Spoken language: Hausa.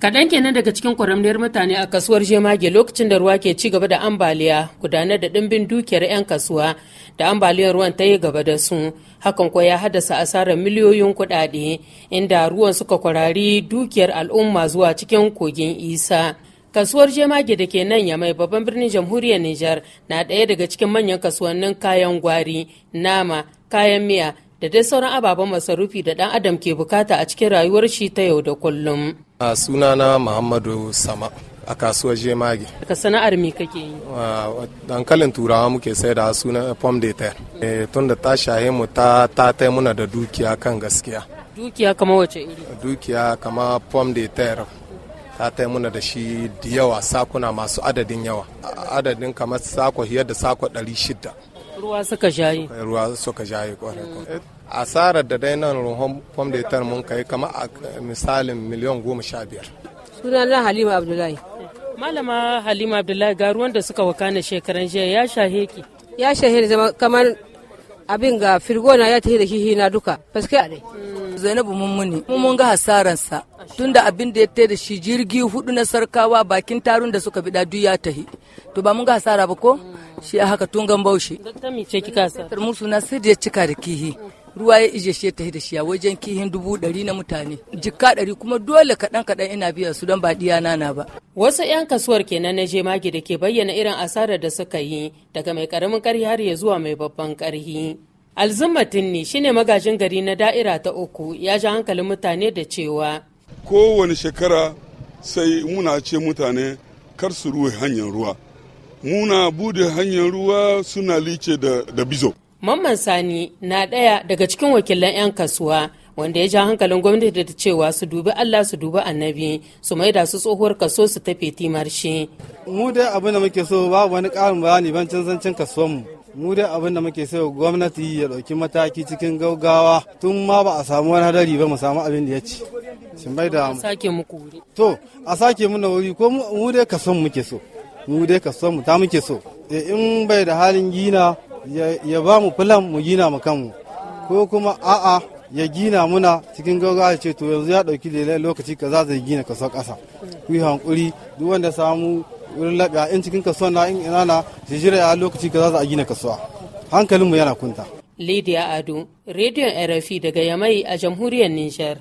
Kaɗan kenan daga cikin kwaramniyar mutane a kasuwar Jemage lokacin da ruwa ke ci gaba da ambaliya gudanar da ɗimbin dukiyar 'yan kasuwa da ambaliyar ruwan ta yi gaba da su. Hakan kuwa ya haddasa asarar miliyoyin kuɗaɗe inda ruwan suka kwarari dukiyar al'umma zuwa cikin kogin isa. kasuwar jemage da ke nan yamai babban birnin jamhuriyar nijar na ɗaya daga cikin manyan kasuwannin kayan gwari nama kayan miya da dai sauran ababen masarufi da ɗan adam ke bukata a cikin rayuwar shi ta yau da kullum. A sunana Muhammadu Sama a kasuwar Jemage. Daga sana'ar mi kake yi? Dankalin turawa muke sai da suna pom de e, eh, Tun da ta shaye mu ta ta muna da dukiya kan gaskiya. Dukiya kama wace iri? Dukiya kama pom de Ter ta tai muna da shi da yawa sakuna masu adadin yawa adadin kamar sako hiyar da sako 600 ruwa suka shayi ruwa suka shayi kwarai asarar da dai nan ruhun fom da tar mun kai kama a misalin miliyan goma sha biyar sunana halima abdullahi malama halima abdullahi ga ruwan da suka wakana shekaran jiya ya shahe ki ya shahe zama kamar abin ga firgona ya tafi da shi na duka faske a dai zainabu mun muni mun ga hasaransa tunda abin da ya tai da shi jirgi hudu na sarkawa bakin tarun da suka bida duk ya tahi to ba mun ga hasara ba ko shi a haka tun gan baushi ta kika sa musu na sai da ya cika da kihi ruwa ya ije shi ya tahi da shi a wajen kihin dubu dari na mutane jikka dari kuma dole kaɗan kaɗan ina biya su don ba diya nana ba. wasu 'yan kasuwar kenan na je jemage da ke bayyana irin asarar da suka yi daga mai karamin karhi har ya zuwa mai babban karhi alzumatin ne shine magajin gari na da'ira ta uku ya ji hankalin mutane da cewa kowane shekara sai muna ce mutane kar su ruwe hanyar ruwa muna bude hanyar ruwa suna lice da, bizo mamman sani na ɗaya daga cikin wakilan 'yan kasuwa wanda ya ja hankalin gwamnati da ta cewa su dubi Allah su dubi annabi su maida su tsohuwar kaso su tafi shi Mu dai abin da muke so babu wani ƙarin bayani ban canzancin kasuwanmu. Mu dai abin da muke so gwamnati ya ɗauki mataki cikin gaugawa tun ma ba a samu wani hadari ba mu samu abin da ya ci. su mai da sake muku wuri to a sake muna wuri ko mu dai ka son muke so mu dai ka son mu ta muke so eh, in bai da halin gina ya ba mu filan mu gina mu kanmu ko kuma a'a ya gina muna cikin gaugawa ce to yanzu ya dauki lele lokaci kaza zai gina kaso kasa ku yi hankuri duk wanda samu wurin labiya in cikin kaso na in ina na jijira ya lokaci kaza za a gina kasuwa hankalinmu yana kunta Lydia Ado, Rediyon RFI daga Yamai a jamhuriyar Nijar.